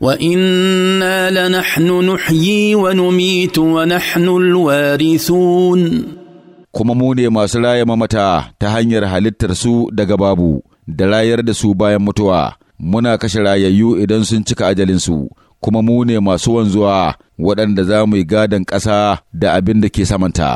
وانا لنحن نحيي ونميت ونحن الوارثون kuma mu ne masu raya mamata ta hanyar halittar su daga babu da rayar da su bayan mutuwa muna kashe rayayyu idan sun cika ajalinsu kuma mu ne masu wanzuwa waɗanda za mu yi gadon ƙasa da abin da ke samanta.